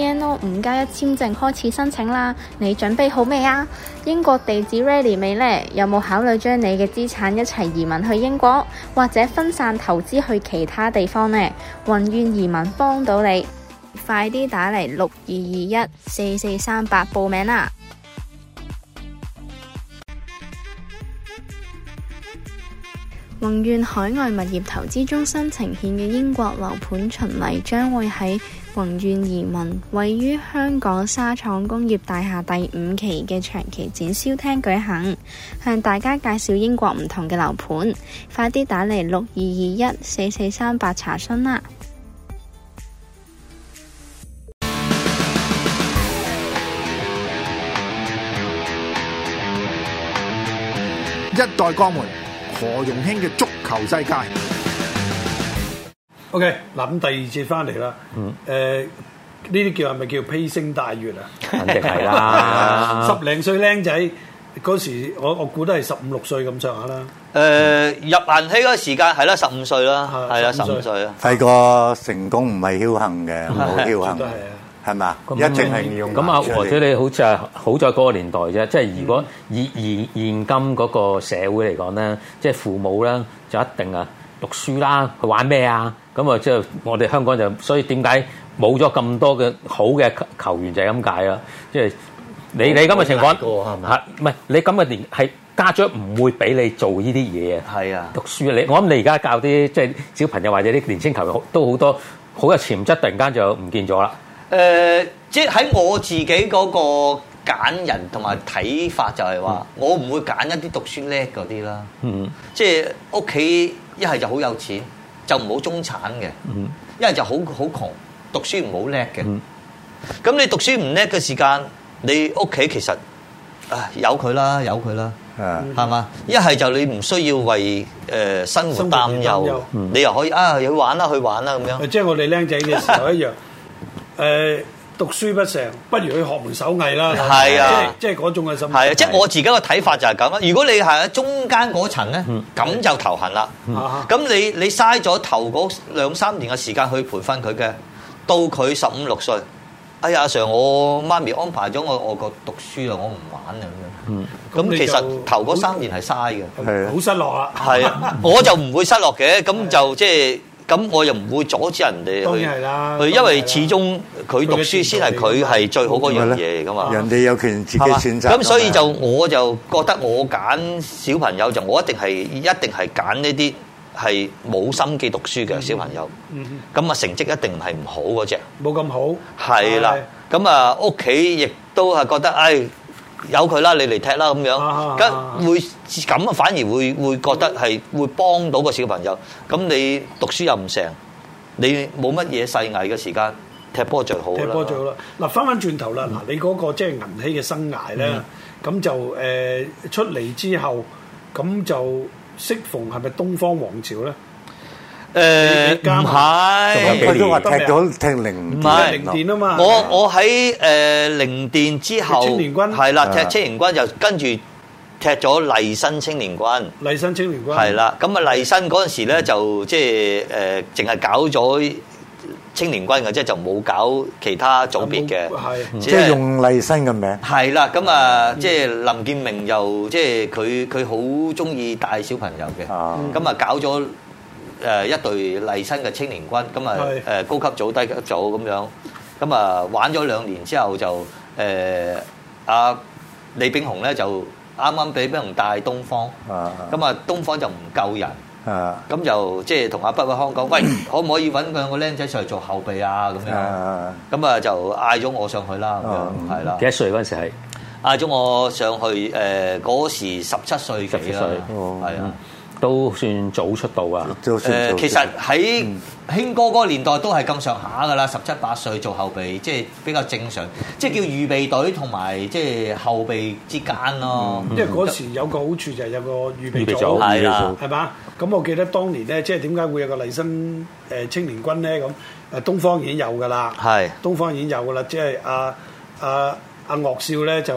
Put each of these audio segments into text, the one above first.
BNO 五加一簽證開始申請啦，你準備好未啊？英國地址 ready 未呢？有冇考慮將你嘅資產一齊移民去英國，或者分散投資去其他地方呢？宏願移民幫到你，快啲打嚟六二二一四四三八報名啦！宏願海外物業投資中心呈現嘅英國樓盤巡禮將會喺宏願移民位於香港沙廠工業大廈第五期嘅長期展銷廳舉行，向大家介紹英國唔同嘅樓盤，快啲打嚟六二二一四四三八查詢啦！一代鋼門何容興嘅足球世界。O.K. 嗱咁第二節翻嚟啦，誒呢啲叫係咪叫披星戴月啊？肯定係啦，十零歲僆仔嗰時，我我估得係十五六歲咁上下啦。誒入行期嗰個時間係啦，十五歲啦，係啦，十五歲啦，係個成功唔係僥倖嘅，唔好僥倖嘅，係嘛？一直係用咁啊，或者你好似係好在嗰個年代啫，即係如果現現現今嗰個社會嚟講咧，即係父母咧就一定啊～讀書啦，去玩咩啊？咁啊，即係我哋香港就，所以點解冇咗咁多嘅好嘅球員就係咁解咯？即係你你咁嘅情況吓，唔係你咁嘅年係家長唔會俾你做呢啲嘢啊？係啊，讀書啊你我諗你而家教啲即係小朋友或者啲年輕球員都好多好有潛質，突然間就唔見咗啦。誒，即係喺我自己嗰個。揀人同埋睇法就係，是，話，嗯、我唔會揀一啲讀書叻嗰啲啦。嗯，即係屋企一係就好有錢，就唔好中產嘅。一係，嗯、就好好窮，讀書唔好叻嘅。嗯，咁你讀書唔叻嘅時間，你屋企其實啊，由佢啦，由佢啦。啊，嗯，係嘛吧？一係就你唔需要為誒生活擔憂，擔憂嗯，你又可以啊去玩啦，去玩啦咁樣。即係我哋僆仔嘅時候一樣。誒。讀書不成，不如去學門手藝啦。係啊，即係嗰種嘅心態。係啊，即係我自己嘅睇法就係咁啦。如果你係喺中間嗰層咧，咁、嗯、就頭痕啦。咁、嗯、你你嘥咗頭嗰兩三年嘅時間去培訓佢嘅，到佢十五六歲，哎呀阿常，Sir，我媽咪安排咗我外國讀書啊，我唔玩啊咁樣。嗯，咁其實、嗯、頭嗰三年係嘥嘅，好失落啦。係啊，我就唔會失落嘅，咁就即係。咁我又唔會阻止人哋去，去，因為始終佢讀書先係佢係最好嗰樣嘢嚟噶嘛。人哋有權自己選擇。咁吧所以就我就覺得我揀小朋友就我一定係一定係揀呢啲係冇心機讀書嘅小朋友。朋友嗯哼。咁、嗯、啊成績一定係唔好嗰隻。冇咁好。係啦的。咁啊屋企亦都係覺得，唉。由佢啦，你嚟踢啦咁樣，咁會咁反而會會覺得係會幫到個小朋友。咁你讀書又唔成，你冇乜嘢細藝嘅時間，踢波最好啦。踢波最好啦。嗱，翻翻轉頭啦，嗱，你嗰個即係銀禧嘅生涯咧，咁就誒出嚟之後，咁就適逢係咪東方王朝咧？誒唔係，佢都話踢咗踢菱電，菱電啊嘛！我我喺誒菱電之後，青年軍係啦，踢青年軍就跟住踢咗麗新青年軍。麗新青年軍係啦，咁啊麗新嗰陣時咧就即係誒，淨係搞咗青年軍嘅，即係就冇搞其他組別嘅，即係用麗新嘅名。係啦，咁啊，即係林建名又即係佢，佢好中意帶小朋友嘅，咁啊搞咗。誒一隊麗新嘅青年軍，咁啊誒高級組低級組咁樣，咁啊玩咗兩年之後就誒阿、呃、李炳雄咧就啱啱俾炳雄帶東方，咁啊的東方就唔夠人，咁的就即係同阿畢偉康講，喂，可唔可以揾兩個僆仔上嚟做後備啊咁的樣，咁啊就嗌咗我上去啦咁樣，係啦幾多歲嗰陣時係嗌咗我上去誒嗰、呃、時十七歲幾歲，係啊、嗯。都算早出道啊！誒，其實喺興哥嗰個年代都係咁上下噶啦，十七八歲做後備，即係比較正常，即係叫預備隊同埋即係後備之間咯。因為嗰時有個好處就係有個預備組，係啦，係嘛？咁我記得當年咧，即係點解會有個麗新誒青年軍咧？咁誒，東方已經有噶啦，係東方已經有噶啦，即係阿阿阿岳少咧就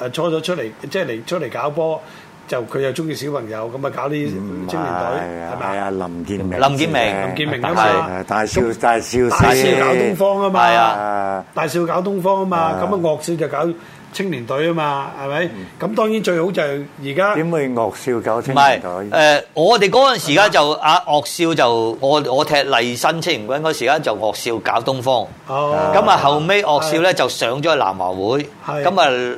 誒搓咗出嚟，即係嚟出嚟搞波。就佢又中意小朋友，咁啊搞啲青年隊，係咪啊？林建明，林建明，林建明嗰時啊，大少大少，大少搞東方啊嘛，大少搞東方啊嘛，咁啊岳少就搞青年隊啊嘛，係咪？咁當然最好就而家點會岳少搞青年隊？唔係誒，我哋嗰陣時而家就啊岳少就我我踢黎新青年軍嗰時而家就岳少搞東方，咁啊後尾岳少咧就上咗去南華會，咁啊。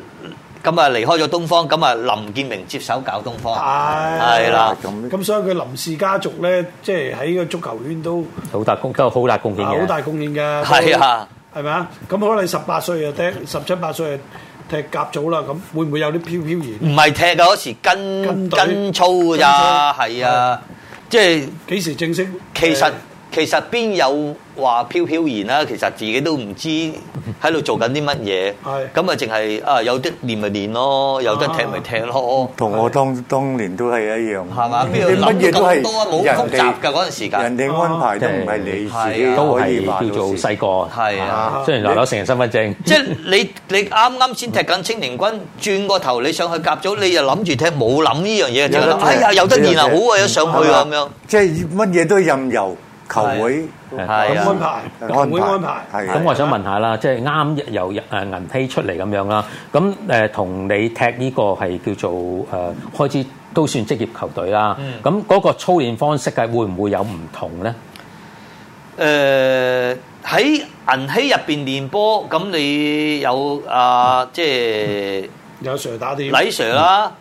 咁啊，離開咗東方，咁啊，林建明接手搞東方啊，係啦，咁咁所以佢林氏家族咧，即係喺個足球圈都好大貢，都好大貢獻嘅，好大貢獻嘅，係啊，係咪啊？咁可能十八歲就踢，十七八歲踢甲組啦，咁會唔會有啲飄飄然？唔係踢嘅，嗰時跟跟操㗎咋，係啊，即係幾時正式？其實。其實邊有話飄飄然啦？其實自己都唔知喺度做緊啲乜嘢，咁啊淨係啊有得練咪練咯，有得踢咪踢咯。同我當當年都係一樣。係嘛？邊有諗嘢咁多啊？冇複雜㗎嗰陣時間。人哋安排都唔係你自己，都可以叫做細個。係啊，雖然攞攞成人身份證。即係你你啱啱先踢緊青年軍，轉個頭你上去甲組，你就諗住踢冇諗呢樣嘢，就哎呀有得練啊好啊，一上去啊咁樣。即係乜嘢都任由。球會係咁安排，球會安排。咁我想問下啦，即係啱由誒銀禧出嚟咁樣啦。咁誒同你踢呢個係叫做誒開始都算職業球隊啦。咁嗰個操練方式係會唔會有唔同咧？誒喺銀禧入邊練波，咁你有啊？即係有 Sir 打啲，李 Sir 啦，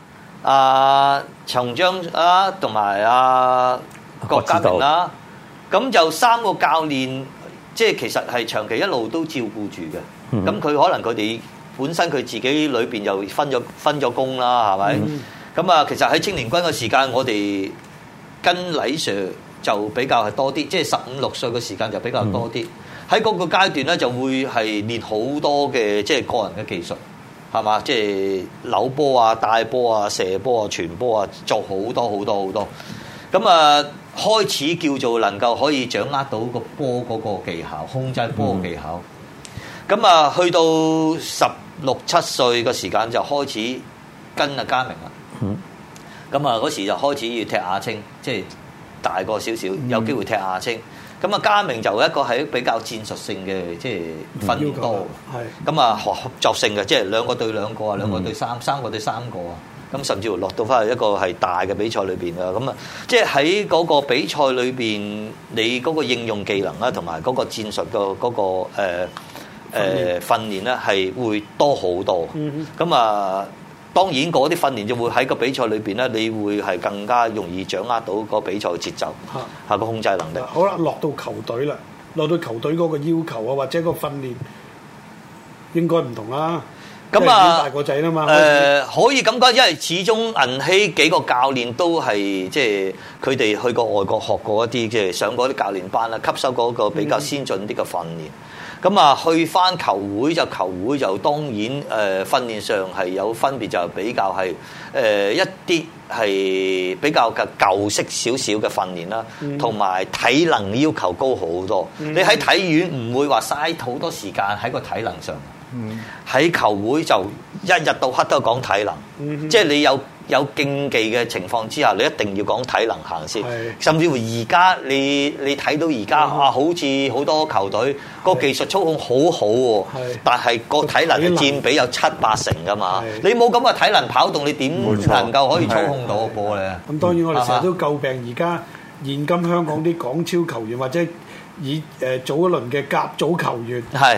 阿長將啦，同埋阿郭家明啦。咁就三個教練，即係其實係長期一路都照顧住嘅。咁佢、嗯、可能佢哋本身佢自己裏邊又分咗分咗工啦，係咪？咁啊、嗯，嗯嗯、其實喺青年軍嘅時間，我哋跟黎 Sir 就比較係多啲，即、就、係、是、十五六歲嘅時間就比較多啲。喺嗰、嗯、個階段咧，就會係練好多嘅即係個人嘅技術，係嘛？即、就、係、是、扭波啊、帶波啊、射波啊、傳波啊，做好多好多好多、多、多。咁、嗯、啊～開始叫做能夠可以掌握到個波嗰個技巧，控制波技巧。咁啊、嗯，去到十六七歲嘅時間就開始跟阿嘉明啦。咁啊、嗯，嗰時就開始要踢亞青，即係大個少少有機會踢亞青。咁啊、嗯，嘉明就一個喺比較戰術性嘅，即係訓練多。係、嗯。咁、嗯、啊，合作性嘅，即係兩個對兩個啊，兩個對三，嗯、三個對三個啊。咁甚至乎落到翻去一個係大嘅比賽裏邊啊！咁啊，即係喺嗰個比賽裏邊，你嗰個應用技能啊，同埋嗰個戰術嘅嗰個誒誒訓練咧，係會多好多。咁啊，當然嗰啲訓練就會喺個比賽裏邊咧，你會係更加容易掌握到個比賽嘅節奏，係個控制能力。好啦，落到球隊啦，落到球隊嗰個要求啊，或者個訓練應該唔同啦。咁啊，大個仔啦嘛，誒、呃、可以咁講，因為始終銀禧幾個教練都係即係佢哋去過外國學過一啲，即係上過啲教練班啦，吸收過一個比較先進啲嘅訓練。咁啊、嗯，去翻球會就球會就當然誒、呃、訓練上係有分別，就比較係誒、呃、一啲係比較嘅舊式少少嘅訓練啦，同埋、嗯、體能要求高好多。嗯、你喺體院唔會話嘥好多時間喺個體能上。喺球會就一日到黑都講體能，即係你有有競技嘅情況之下，你一定要講體能行先。甚至乎而家你你睇到而家啊，好似好多球隊個技術操控好好，但係個體能嘅佔比有七八成噶嘛。你冇咁嘅體能跑動，你點能夠可以操控到個波呢？咁當然我哋成日都詬病而家現今香港啲港超球員或者以誒早一輪嘅甲組球員係。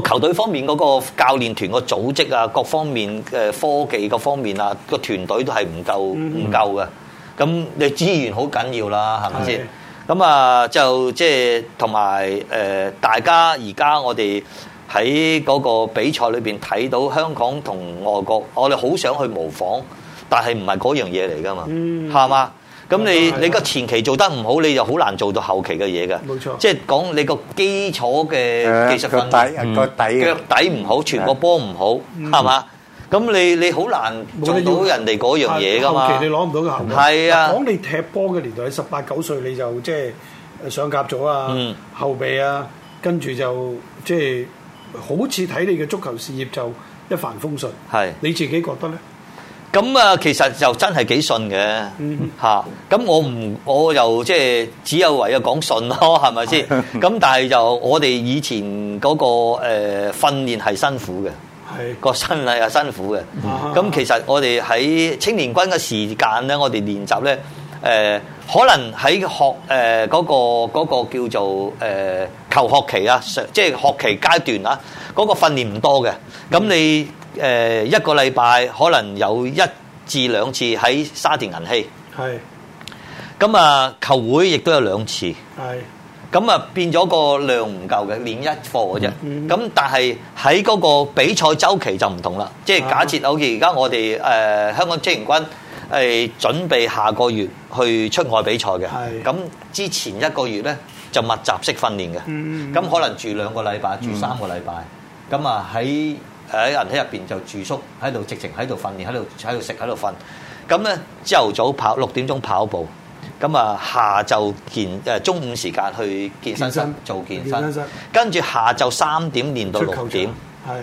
個球隊方面嗰個教練團個組織啊，各方面嘅、呃、科技各方面啊，個團隊都係唔夠唔、嗯嗯、夠嘅。咁你資源好緊要啦，係咪先？咁啊係嘅，就即係同埋誒，大家而家我哋喺嗰個比賽裏邊睇到香港同外國，我哋好想去模仿，但係唔係嗰樣嘢嚟噶嘛，係嘛？嗯嗯咁你你個前期做得唔好，你就好難做到後期嘅嘢㗎。冇錯，即係講你個基礎嘅技術問題。腳底腳底唔好，全個波唔好，係嘛？咁你你好難做到人哋嗰樣嘢㗎嘛？後期你攞唔到嘅效果。係啊，講你踢波嘅年代喺十八九歲，你就即係上甲咗啊，後備啊，跟住就即係好似睇你嘅足球事業就一帆風順。係你自己覺得咧？咁啊，其實就真係幾順嘅嚇。咁、嗯、哼我唔，我又即係只有唯有講順咯，係咪先？咁 但係就我哋以前嗰個誒訓練係辛苦嘅，個的身係啊辛苦嘅。咁、嗯、哼其實我哋喺青年軍嘅時間咧，我哋練習咧誒、呃，可能喺學誒嗰、呃那個那個叫做誒、呃、求學期啊，即係學期階段啊，嗰、那個訓練唔多嘅。咁你。嗯誒一個禮拜可能有一至兩次喺沙田銀禧，係咁啊，球會亦都有兩次，係咁啊，變咗個量唔夠嘅練一課嘅啫、嗯，咁、嗯、但係喺嗰個比賽周期就唔同啦。即係假設好似而家我哋誒、呃、香港職員軍係準備下個月去出外比賽嘅，係咁是的 之前一個月咧就密集式訓練嘅，咁、嗯嗯嗯、可能住兩個禮拜住三個禮拜，咁啊喺。嗯嗯喺人喺入邊就住宿喺度，直情喺度訓練，喺度喺度食，喺度瞓。咁咧，朝頭早跑六點鐘跑步，咁啊下晝健誒中午時間去健身室健身做健身，跟住下晝三點練到六點，係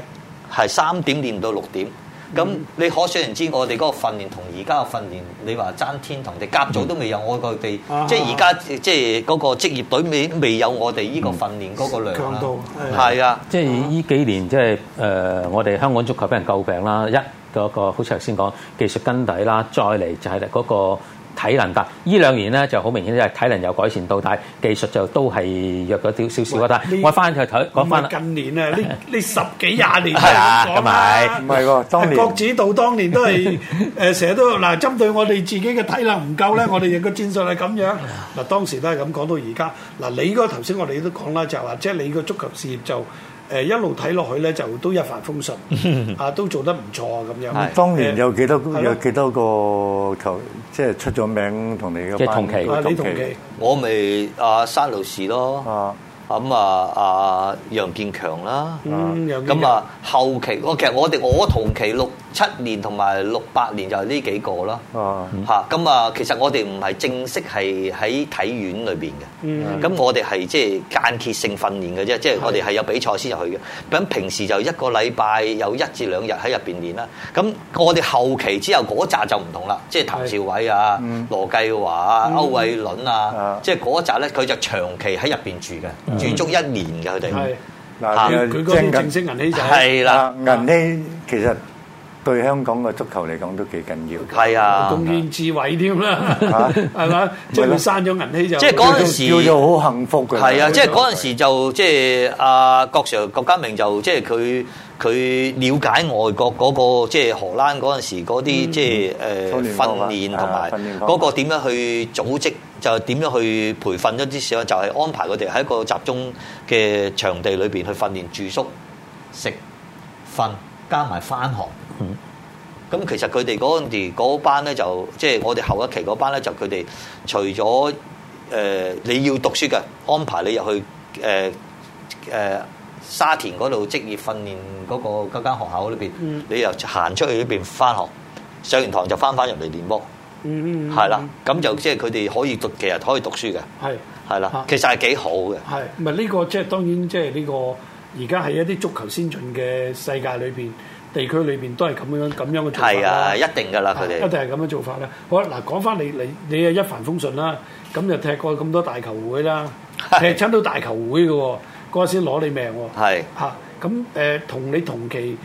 係三點練到六點。咁、嗯、你可想而知，我哋嗰個訓練同而家嘅訓練，你話爭天同地，甲組都未有我個哋、嗯，即係而家即係嗰個職業隊未未有我哋呢個訓練嗰個量啦。強度，係啊、嗯，的嗯、即係依幾年即係誒，我哋香港足球俾人詬病啦，一嗰、嗰個好似頭先講技術根底啦，再嚟就係嗰、嗰個。體能但呢兩年咧就好明顯，就係體能有改善到，但技術就都係弱咗少少啦。但係我翻去睇講翻，近年啊，呢呢十幾廿年都係咁講啦，唔係喎。國指導當年都係誒，成日都嗱，針對我哋自己嘅體能唔夠咧，我哋嘅戰術係咁樣。嗱，當時都係咁講到而家。嗱，你個頭先我哋都講啦，就係話即係你個足球事業就。誒一路睇落去咧，就都一帆風順，啊 都做得唔錯啊咁樣。當年有幾多、嗯、有幾多個球，的即係出咗名同你嘅班。即係同期，同期，同期我咪阿山路士咯。啊咁啊，阿、啊啊、楊建強啦。咁啊、嗯、啊，後期我其實我哋我同期六。七年同埋六八年就係呢幾個咯，嚇咁啊！其實我哋唔係正式係喺體院裏邊嘅，咁我哋係即係間歇性訓練嘅啫，即係我哋係有比賽先入去嘅。咁平時就一個禮拜有一至兩日喺入邊練啦。咁我哋後期之後嗰扎就唔同啦，即係譚兆偉啊、羅繼華啊、歐偉倫啊，即係嗰扎咧佢就長期喺入邊住嘅，住足一年嘅佢哋。嗱，佢嗰啲正式銀禧就係啦，銀禧其實。對香港嘅足球嚟講都幾緊要，係啊，貢獻智慧添啦，係嘛？即係佢攤咗銀器就即係嗰陣時好幸福嘅，係啊！即係嗰陣時就即係阿郭 Sir 郭嘉明就即係佢佢瞭解外國嗰、那個即係荷蘭嗰陣時嗰啲、嗯、即係誒、呃、訓練同埋嗰個點樣去組織就點、是、樣去培訓一啲時候就係、是、安排佢哋喺一個集中嘅場地裏邊去訓練、住宿、食、瞓，加埋返學。咁、嗯、其實佢哋嗰陣時班咧，就即、是、係我哋後一期嗰班咧，就佢哋除咗誒你要讀書嘅安排你，你入去誒誒沙田嗰度職業訓練嗰、那個嗰間學校裏邊，嗯、你又行出去呢邊翻學，上完堂就翻翻入嚟練波，係、嗯嗯嗯、啦，咁就即係佢哋可以讀，其實可以讀書嘅，係係是啦，其實係幾好嘅，係唔係呢個，即、就、係、是、當然即係呢個而家喺一啲足球先進嘅世界裏邊。地區裏邊都係咁樣咁樣嘅做法啦。係啊，一定噶啦，佢哋一定係咁樣做法啦。好啦，嗱，講翻你你你啊一帆風順啦，咁就踢過咁多大球會啦，踢親到大球會嘅喎，嗰下先攞你命喎。係。嚇，咁誒同你同期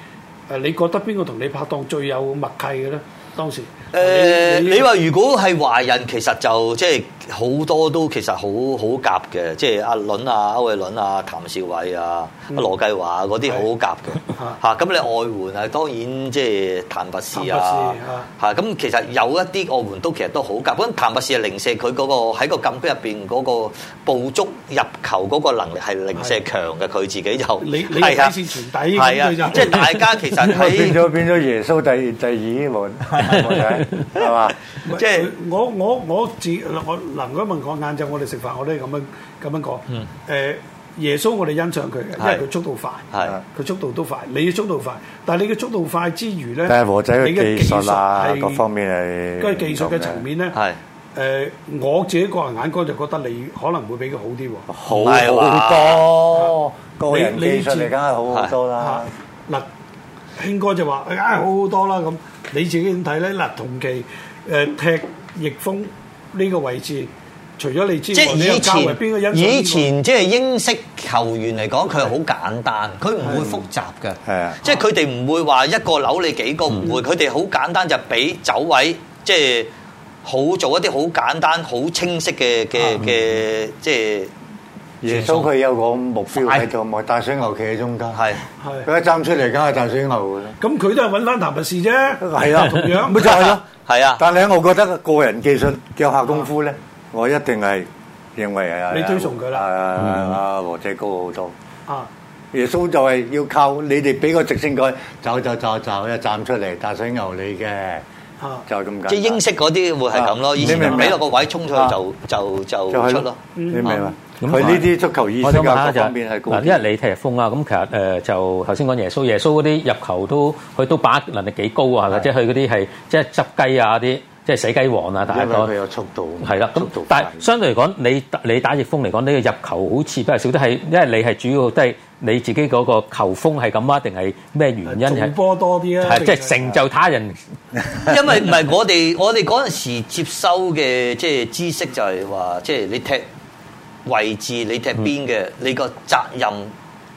誒，你覺得邊個同你拍檔最有默契嘅咧？當時誒，你話如果係華人，其實就即係。好多都其實好好夾嘅，即係阿倫啊、歐偉倫啊、譚少偉啊、阿羅繼華嗰啲好夾嘅嚇。咁你外援啊，當然即係譚拔士啊嚇。咁其實有一啲外援都其實都好夾。咁譚拔士係零舍，佢嗰個喺個禁區入邊嗰個捕捉入球嗰個能力係零舍強嘅，佢自己就係啊，係啊，即係大家其實喺咗變咗耶穌第第二門係嘛？即係我我我自我。嗱，如果問我晏晝我哋食飯，我都係咁樣咁樣講。誒，耶穌我哋欣賞佢嘅，因為佢速度快，佢速度都快。你要速度快，但係你嘅速度快之餘咧，但係和仔嘅技術啦，各方面係，嗰啲技術嘅層面咧，誒，我自己個人眼光就覺得你可能會比佢好啲喎，好好多，你你出嚟梗係好好多啦。嗱，興哥就話，哎，好好多啦咁。你自己點睇咧？嗱，同期誒踢逆風。呢個位置，除咗你知，即外，即以前以前，即係英式球員嚟講，佢係好簡單，佢唔是會複雜嘅。係啊的，即係佢哋唔會話一個扭你幾個，唔的會，佢哋好簡單就俾走位，即、就、係、是、好做一啲好簡單、好、嗯、清晰嘅嘅嘅，的嗯、即係。耶穌佢有個目標喺度，咪大水牛企喺中間。係係佢一站出嚟，梗係大水牛噶啦。咁佢都係揾翻難物事啫。係啊，同樣咪就係咯。係啊。但係咧，我覺得個人技術腳下功夫咧，我一定係認為啊。你推崇佢啦。啊啊啊！阿和姐高好多。啊。耶穌就係要靠你哋俾個直升機走走走走，一站出嚟大水牛你嘅。啊。就係咁解。即係英式嗰啲會係咁咯。以前俾落個位衝出去就就就出咯。你明唔明？佢呢啲足球意識嘅方面係高，嗱，因為你踢風啊，咁其實誒、呃、就頭先講耶穌耶穌嗰啲入球都佢都把握能力幾高的即啊，或者佢嗰啲係即係執雞啊啲，即係死雞王啊，大概是。因為佢有速度。係啦的，咁但係相對嚟講，你你打逆風嚟講，呢個入球好似比較少，得係因為你係主要都係你自己嗰個球風係咁啊，的定係咩原因係？波多啲啊！即係成就他人。 因為唔係我哋，我哋嗰陣時接收嘅即係知識就係、是、話，即、就、係、是、你踢。位置你踢邊嘅，你個責任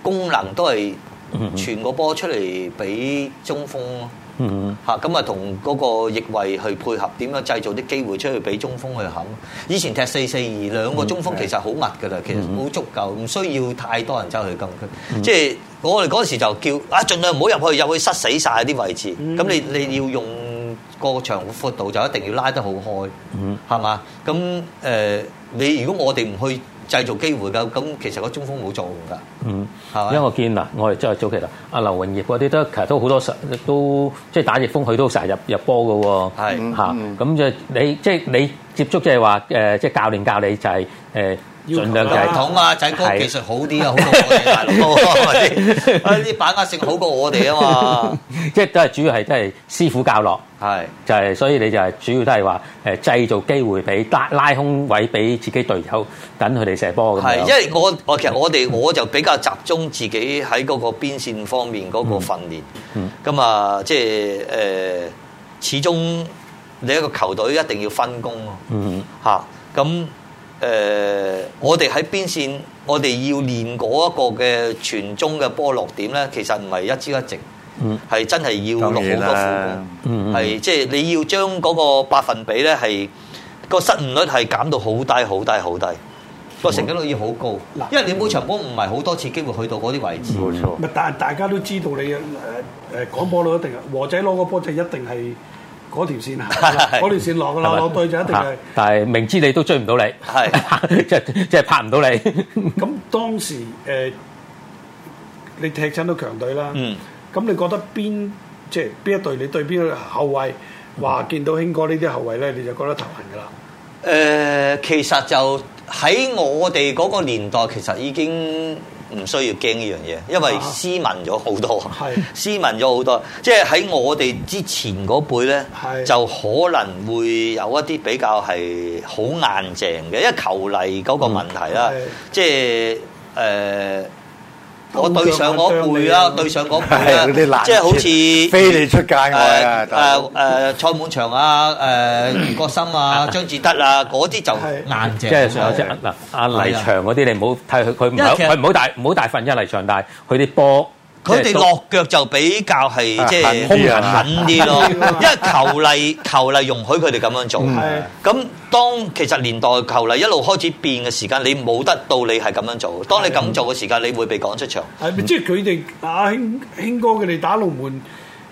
功能都係傳、嗯嗯啊、個波出嚟俾中鋒，咯。嚇，咁啊同嗰個翼位去配合，點樣製造啲機會出去俾中鋒去冚？以前踢四四二兩個中鋒其實好密㗎啦，嗯、其實好足夠，唔需要太多人走去攻佢、啊。即係我哋嗰陣時就叫啊，盡量唔好入去，入去塞死晒啲位置。咁、嗯啊、你你要用個場闊度就一定要拉得好開，係嘛、嗯？咁誒你如果我哋唔去。製造、 就是、機會㗎，咁其實個中鋒冇作用㗎。嗯，吧因為我見嗱，我哋即係早期日阿劉榮業嗰啲都，其實都好多都，即係打逆風佢都成日入入波㗎喎。係嚇，咁就你即係、就是、你接觸，即係話誒，即、就、係、是、教練教你就係、是、誒，儘、呃、量就係、是、統啊，啊，仔的哥技術好啲啊，好過 我哋大佬啲，啲 把握性好過我哋啊嘛。即係都係主要係，即係師傅教落。係，就係是所以你就係主要都係話誒製造機會，俾拉拉空位俾自己隊友，等佢哋射波咁樣。因為我、嗯、我其實我哋我就比較集中自己喺嗰個邊線方面嗰個訓練。咁啊、嗯，即係誒，始終你一個球隊一定要分工咯、嗯。嗯。嚇、啊，咁誒、呃，我哋喺邊線，我哋要練嗰一個嘅傳中嘅波落點咧，其實唔係一朝一夕。嗯，係真係要落好多苦，嗯，係即係你要將嗰個百分比咧，係個失誤率係減到好低、好低、好低，個成功率要好高。嗱，因為你每場波唔係好多次機會去到嗰啲位置，冇錯。咪但係大家都知道你誒誒，港波佬一定和仔攞個波就一定係嗰條線行，嗰條線落噶啦，落對就一定係。但係明知你都追唔到你，係即係即係拍唔到你。咁當時誒，你踢親到強隊啦。咁你覺得邊即係邊一隊？你對邊個後衞話見到興哥衛呢啲後衞咧，你就覺得頭痕㗎啦？誒、呃，其實就喺我哋嗰個年代，其實已經唔需要驚呢樣嘢，因為斯文咗好多，啊、斯文咗好多， 多。即係喺我哋之前嗰輩咧， 就可能會有一啲比較係好硬淨嘅，因為球例嗰個問題啦。嗯、即係誒。呃我對上嗰輩啊， 對上嗰輩啦，即係好似飛嚟出界外啊！誒、 呃呃、蔡滿祥啊，誒、呃、吳國森啊，張志德啊，嗰啲就硬淨。即係上一隻嗱，阿 黎祥嗰啲 你唔好睇佢，佢唔好佢唔好大唔好大份，因為黎祥但係佢啲波。佢哋落腳就比較係、啊、即係是、啊、狠啲咯， 因為球例 球例容許佢哋咁樣做。咁、嗯、當其實年代嘅球例一路開始變嘅時間，你冇得到你係咁樣做。當你咁做嘅時間，你會被趕出場。係咪的、嗯、即係佢哋阿興興哥佢哋打龍門？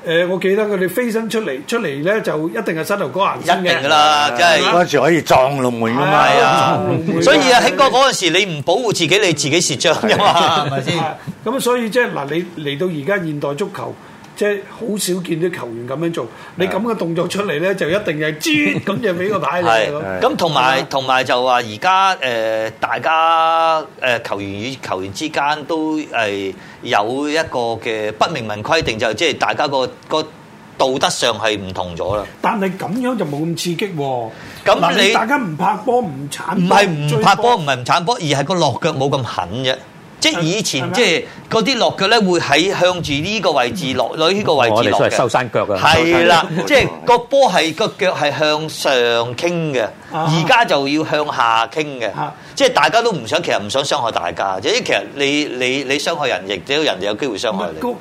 誒、呃，我記得佢哋飛身出嚟，出嚟咧就一定係膝頭哥啊一命噶啦，真係嗰陣時可以撞龍門噶嘛，所以啊，興 哥陣時你唔保護自己，你自己蝕章噶嘛，係咪先？咁所以即係嗱、啊，你嚟到而家現代足球。即係好少見啲球員咁樣做，你咁嘅動作出嚟咧，就一定係知咁就俾個牌你。係咁，同埋同埋就話而家誒，大家誒球員與球員之間都係有一個嘅不明文規定，就即係大家個個道德上係唔同咗啦。但係咁樣就冇咁刺激喎。咁你大家唔拍波唔鏟，唔係唔拍波唔係唔鏟波，而係個落腳冇咁狠啫。即係以前，嗎即係嗰啲落腳咧，會喺向住呢個位置落，喺、這、呢個位置落嘅。係、哦、收山腳啊！啦的，即係個波係個腳係向上傾嘅，而家、啊、就要向下傾嘅。啊、即係大家都唔想，其實唔想傷害大家。即係其實你你你，你傷害人，亦都要人哋有機會傷害你。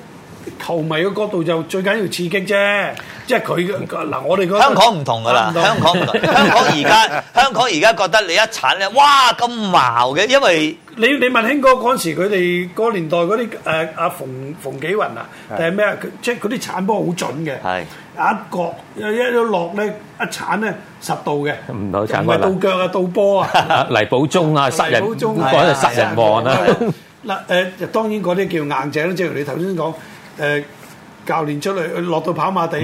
球迷嘅角度就最緊要刺激啫，即係佢嗱我哋香港唔同噶啦，香港唔同，香港而家香港而家覺得你一鏟咧，哇咁矛嘅，因為你你問興哥嗰時佢哋嗰年代嗰啲誒阿馮馮幾雲啊定係咩啊？即係佢啲鏟波好準嘅，一角一一落咧一鏟咧十度嘅，唔好鏟波啦，唔係倒腳啊倒波啊，黎寶忠啊殺人，講就殺人王啦。嗱誒當然嗰啲叫硬正啦，即係你頭先講。誒教練出嚟落到跑馬地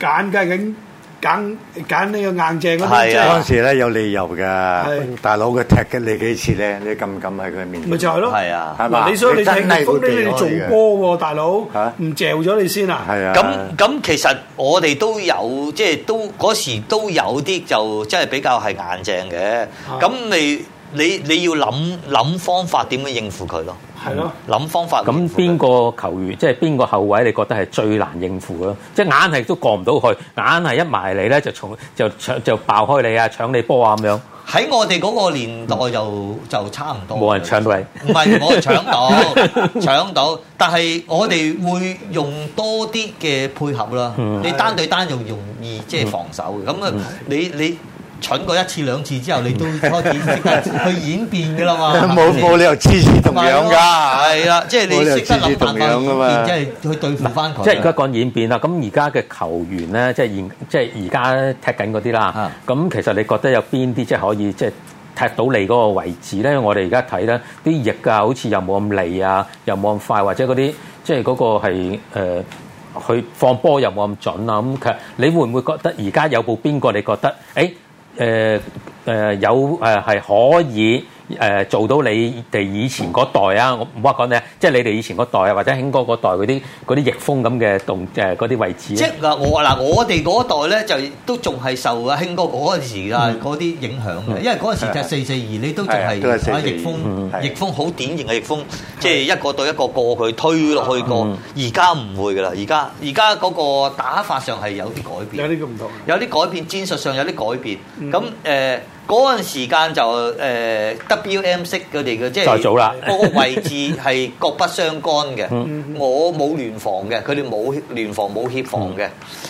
揀，究竟揀揀呢個硬淨嗰啲？嗰陣時咧有理由㗎，大佬佢踢緊你幾次咧？你敢唔敢喺佢面前？咪就係咯，係啊，係嘛？你真係好悲哀嘅，大佬唔嚼咗你先啊！係啊，咁咁其實我哋都有即係都嗰時都有啲就真係比較係硬淨嘅。咁你你你要諗諗方法點樣應付佢咯？係咯，諗方法。咁邊個球員，即係邊個後位，你覺得係最難應付嘅咯？即係硬係都過唔到去，硬係一埋嚟咧就從就搶就，就爆開你啊，搶你波啊咁樣。喺我哋嗰個年代就、嗯、就差唔多。冇人搶到你，唔係冇人搶到，搶到， 搶到，但係我哋會用多啲嘅配合啦。嗯、你單對單又容易即係、就是、防守，咁啊你你。你蠢過一次兩次之後，你都開始去演變嘅啦嘛。冇冇 你理由黐住同樣㗎，係啦，即係你識得諗萬萬變，即係嘛去對付翻佢。即係而家講演變啦，咁而家嘅球員咧，即係現即係而家踢緊嗰啲啦。咁、啊、其實你覺得有邊啲即係可以即係踢到你嗰個位置咧？我哋而家睇咧，啲翼啊，好似又冇咁利啊，又冇咁快，或者嗰啲即係嗰個係、呃、去放波又冇咁準啊。咁其實你會唔會覺得而家有冇邊個你覺得誒？哎誒誒、呃呃，有誒係、呃、可以。誒做到你哋以前嗰代啊，我唔話講你，即係你哋以前嗰代啊，或者興哥嗰代嗰啲嗰啲逆風咁嘅動誒嗰啲位置咧。即係嗱，我嗱我哋嗰代咧，就都仲係受阿興哥嗰陣時啊嗰啲影響嘅，因為嗰陣時就係四四二，你都仲係打逆風，逆風好典型嘅逆風，即係一個對一個過去推落去過。而家唔會噶啦，而家而家嗰個打法上係有啲改變，有啲唔同，有啲改變，戰術上有啲改變，咁誒。嗰陣時間就誒 WM 式佢哋嘅，即係再早啦。嗰個位置係各不相干嘅，我冇聯防嘅，佢哋冇聯防冇協防嘅。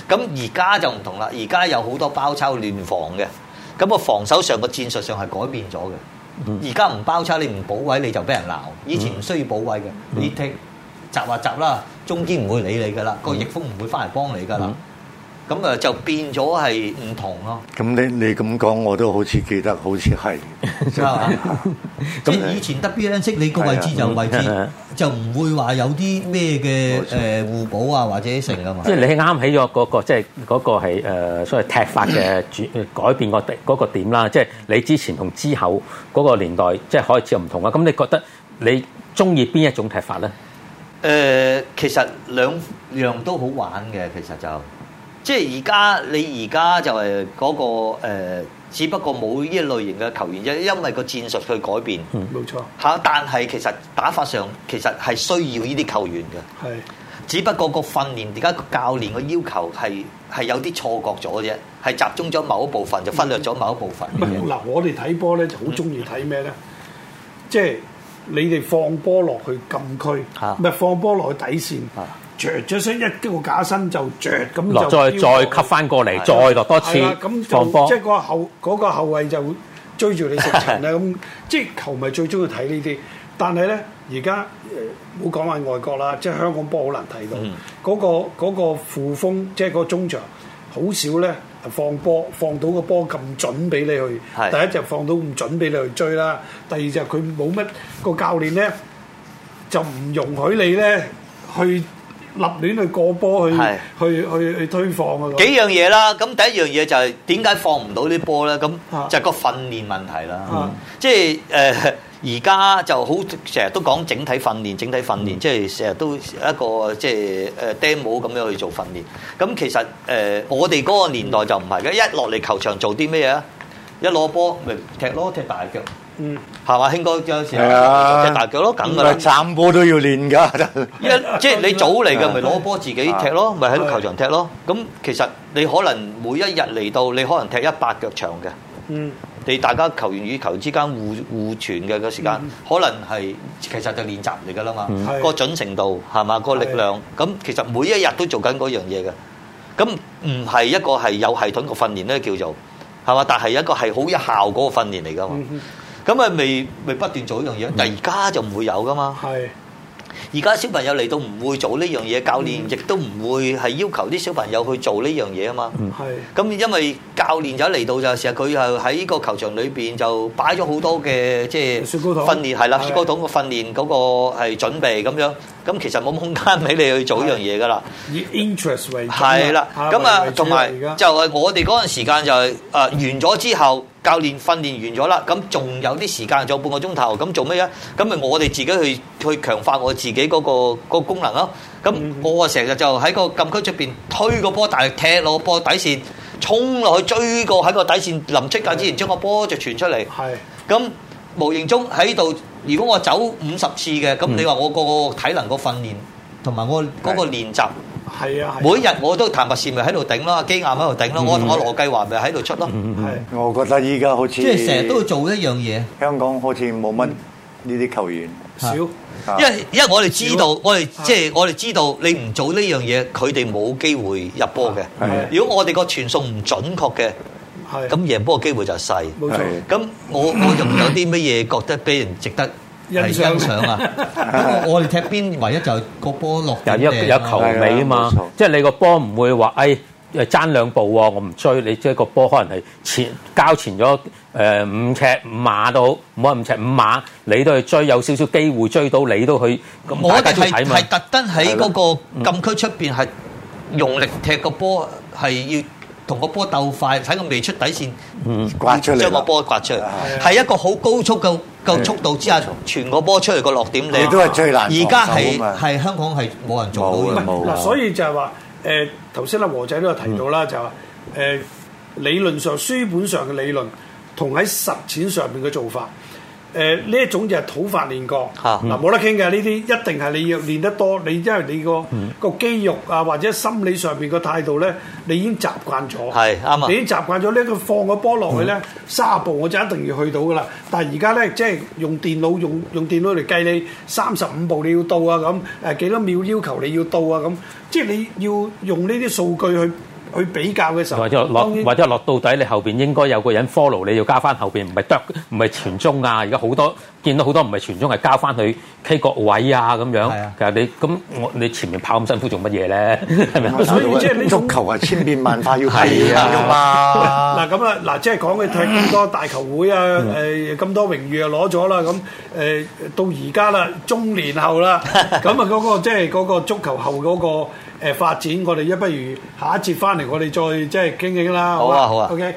咁而家就唔同啦，而家有好多包抄聯防嘅。咁個防守上嘅戰術上係改變咗嘅。而家唔包抄你唔補位你就俾人鬧。以前唔需要補位嘅，lift 集或集啦，中堅唔會理你㗎啦，個逆風唔會翻嚟幫你㗎啦。咁啊，就變咗係唔同咯。咁你你咁講，我都好似記得，好似係，係嘛？即係以前得 W N 式，你個位置就位置， 就唔會話有啲咩嘅誒互補啊， 或者剩啊嘛。 即係你啱起咗嗰、嗰個，即係嗰個係所謂踢法嘅轉改變個嗰個點啦。即係 你之前同之後嗰個年代，即、就、係、係、開始唔同啊。咁你覺得你中意邊一種踢法咧？誒， 其實兩樣都好玩嘅，其實就～即係而家，你而家就係嗰、嗰個、呃、只不過冇呢類型嘅球員啫，因為個戰術去改變。冇錯。嚇，但係其實打法上其實係需要呢啲球員嘅。係。是 只不過個訓練而家個教練嘅要求係係有啲錯覺咗啫，係集中咗某一部分，就忽略咗某一部分。嗱、嗯嗯，我哋睇波咧就好中意睇咩咧？嗯、即係你哋放波落去禁區，咪、啊、放波落去底線。啊著著身一個假身就著咁就，再再吸翻過嚟，再落多次放波，即係個後嗰個後衞就追住你食塵咧。咁即係球迷最中意睇呢啲，但係咧，而家誒唔好講話外國啦，即係香港波好難睇到嗰個嗰個副鋒，即係嗰中場好少咧放波，放到個波咁準俾你去。第一就放到咁準俾你去追啦，第二就佢冇乜個教練咧就唔容許你咧去。立亂去過波去去去去推放啊，幾樣嘢啦，咁第一樣嘢就係點解放唔到啲波咧？咁就係個訓練問題啦。即係誒，而家就好成日都講整體訓練，整體訓練，即係成日都一個即係誒 demo 咁樣去做訓練。咁其實誒，我哋嗰個年代就唔係嘅，一落嚟球場做啲咩嘢啊？一攞波咪踢咯，踢大腳。嗯，係嘛，興哥有時踢大腳咯，梗噶啦，站波都要練噶。一即係你組嚟嘅，咪攞波自己踢咯，咪喺球場踢咯。咁其實你可能每一日嚟到，你可能踢一百腳場嘅。嗯，你大家球員與球之間互互傳嘅個時間，可能係其實就練習嚟噶啦嘛。個準程度係？嘛，個力量咁，其實每一日都做緊嗰樣嘢嘅。咁唔係一個係有系統個訓練咧，叫做係嘛，但係一個係好有效果個訓練嚟噶嘛。咁啊，未未不斷做呢樣嘢，但而家就唔會有噶嘛。係是，而家小朋友嚟到唔會做呢樣嘢，教練亦都唔會係要求啲小朋友去做呢樣嘢啊嘛。嗯是，係。咁因為教練就嚟到就成日佢又喺個球場裏邊就擺咗好多嘅即係，就是、訓練係啦，的雪糕筒嘅訓練嗰個係準備咁樣。咁其實冇空間俾你去做呢樣嘢噶啦。 以 interest 為，係啦的。咁啊，同埋就係我哋嗰陣時間就係、是、啊、呃，完咗之後。教練訓練完咗啦，咁仲有啲時間仲有半個鐘頭，咁做咩呀？咁咪我哋自己去去強化我自己嗰、嗰個嗰個功能咯。咁我啊成日就喺個禁區出邊推個波，大力踢落個波底線，衝落去追個喺個底線臨出界之前將個波就傳出嚟。係是。咁無形中喺度，如果我走五十次嘅，咁你話我個體能個訓練同埋我嗰個練習。係啊！每日我都談白線咪喺度頂咯，基亞喺度頂咯。我同我羅繼華咪喺度出咯。嗯，係。我覺得依家好似即係成日都要做一樣嘢。香港好似冇乜呢啲球員少，因為因為我哋知道，我哋即係我哋知道，你唔做呢樣嘢，佢哋冇機會入波嘅。係。如果我哋個傳送唔準確嘅，係咁贏波嘅機會就細。冇錯。咁我我就唔有啲乜嘢覺得俾人值得。一張相啊！我我哋踢邊唯一就係個波落，有有球尾啊嘛！即係你個波唔會話誒爭兩步喎，我唔追你。即係個波可能係前交前咗誒五尺五碼都好，唔好話五尺五碼，你都去追有少少機會追到，你都去。我哋係係特登喺嗰個禁區出邊係用力踢個波，係要。同個波鬥快，睇個未出底線，嗯、刮出嚟，將個波刮出嚟，係、啊、一個好高速嘅嘅速度之下，傳個波出嚟個落點，你都係最難。而家係係香港係冇人做到，嘅。嗱，所以就係話，誒頭先阿和仔都有提到啦，嗯、就係話誒、呃、理論上書本上嘅理論，同喺實踐上邊嘅做法。誒呢一種就係土法練過，嗱冇、啊、得傾嘅呢啲，一定係你要練得多，啊、你因為你個個、嗯、肌肉啊，或者心理上邊個態度咧，你已經習慣咗，係啱、嗯、你已經習慣咗呢個放個波落去咧，卅、嗯、步我就一定要去到噶啦。但係而家咧，即係用電腦用用電腦嚟計你三十五步你要到啊咁，誒幾多秒要求你要到啊咁，即係你要用呢啲數據去。去比較嘅時候，或者落，或者落到底，你後邊應該有個人 follow，你要加翻後邊，唔係剁，唔係傳中啊！而家好多見到好多唔係傳中，係加翻去 K 國位啊咁樣。係啊，其實你咁我你前面跑咁辛苦做乜嘢咧？係咪啊？所以即係啲足球係千變萬化，要睇啊嘛。嗱咁啦，嗱即係講嘅咁多大球會啊，誒咁多榮譽啊攞咗啦，咁誒到而家啦中年後啦，咁啊嗰個即係嗰個足球後嗰個。誒發展，我哋一不如下一節返嚟，我哋再即係傾傾啦，好，好啊，好啊，OK。